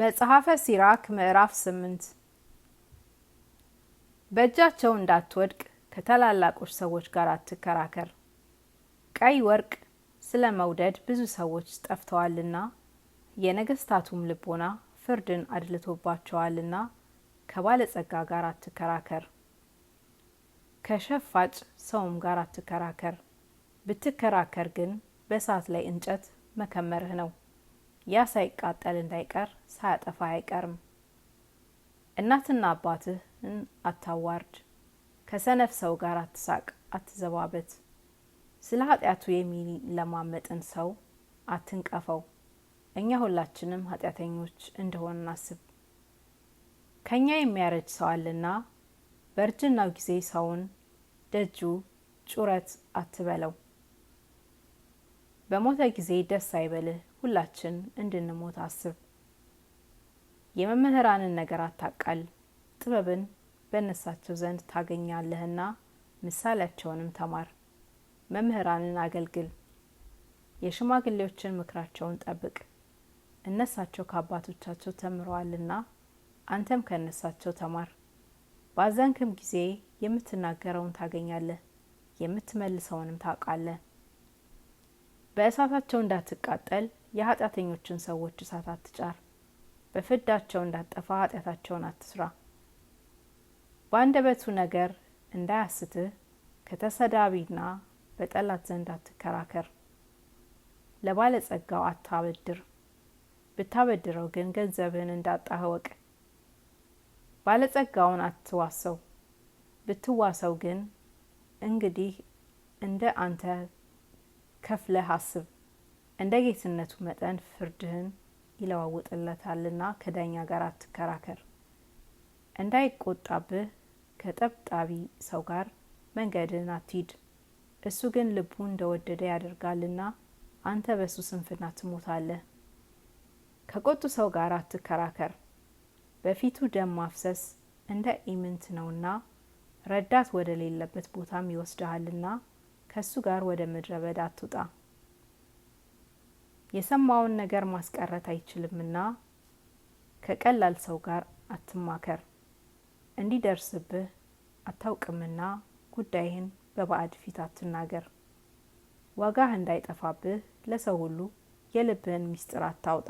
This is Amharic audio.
መጽሐፈ ሲራክ ምዕራፍ ስምንት በእጃቸው እንዳትወድቅ ከታላላቆች ሰዎች ጋር አትከራከር። ቀይ ወርቅ ስለ መውደድ ብዙ ሰዎች ጠፍተዋልና የነገስታቱም ልቦና ፍርድን አድልቶባቸዋልና ከባለጸጋ ጋር አትከራከር። ከሸፋጭ ሰውም ጋር አትከራከር። ብትከራከር ግን በእሳት ላይ እንጨት መከመርህ ነው። ያ ሳይቃጠል እንዳይቀር ሳያጠፋ አይቀርም። እናትና አባትህን አታዋርድ። ከሰነፍ ሰው ጋር አትሳቅ፣ አትዘባበት። ስለ ኃጢአቱ የሚለማመጥን ሰው አትንቀፈው። እኛ ሁላችንም ኃጢአተኞች እንደሆን እናስብ። ከእኛ የሚያረጅ ሰው አለና በእርጅናው ጊዜ ሰውን ደጁ ጩረት አትበለው። በሞተ ጊዜ ደስ አይበልህ፣ ሁላችን እንድንሞት አስብ። የመምህራንን ነገር አታቃል፣ ጥበብን በእነሳቸው ዘንድ ታገኛለህና ምሳሌያቸውንም ተማር። መምህራንን አገልግል፣ የሽማግሌዎችን ምክራቸውን ጠብቅ። እነሳቸው ከአባቶቻቸው ተምረዋልና አንተም ከእነሳቸው ተማር። ባዘንክም ጊዜ የምትናገረውን ታገኛለህ፣ የምትመልሰውንም ታውቃለህ። በእሳታቸው እንዳትቃጠል የኃጢአተኞችን ሰዎች እሳት አትጫር። በፍዳቸው እንዳትጠፋ ኃጢአታቸውን አትስራ። በአንደበቱ ነገር እንዳያስትህ ከተሰዳቢና በጠላት ዘንድ አትከራከር። ለባለጸጋው አታበድር፣ ብታበድረው ግን ገንዘብህን እንዳጣህ እወቅ። ባለጸጋውን አትዋሰው፣ ብትዋሰው ግን እንግዲህ እንደ አንተ ከፍለህ አስብ፣ እንደ ጌትነቱ መጠን ፍርድህን ይለዋውጥለታልና ከዳኛ ጋር አትከራከር። እንዳይቆጣብህ ከጠብጣቢ ሰው ጋር መንገድህን አትሂድ። እሱ ግን ልቡ እንደወደደ ያደርጋልና አንተ በሱ ስንፍና ትሞታለህ። ከቁጡ ሰው ጋር አትከራከር፣ በፊቱ ደም ማፍሰስ እንደ ኢምንት ነውና ረዳት ወደ ሌለበት ቦታም ይወስድሃልና ከእሱ ጋር ወደ ምድረ በዳ አትውጣ። የሰማውን ነገር ማስቀረት አይችልምና ከቀላል ሰው ጋር አትማከር፣ እንዲደርስብህ አታውቅምና ጉዳይህን በባዕድ ፊት አትናገር። ዋጋህ እንዳይጠፋብህ ለሰው ሁሉ የልብህን ምስጢር አታውጣ።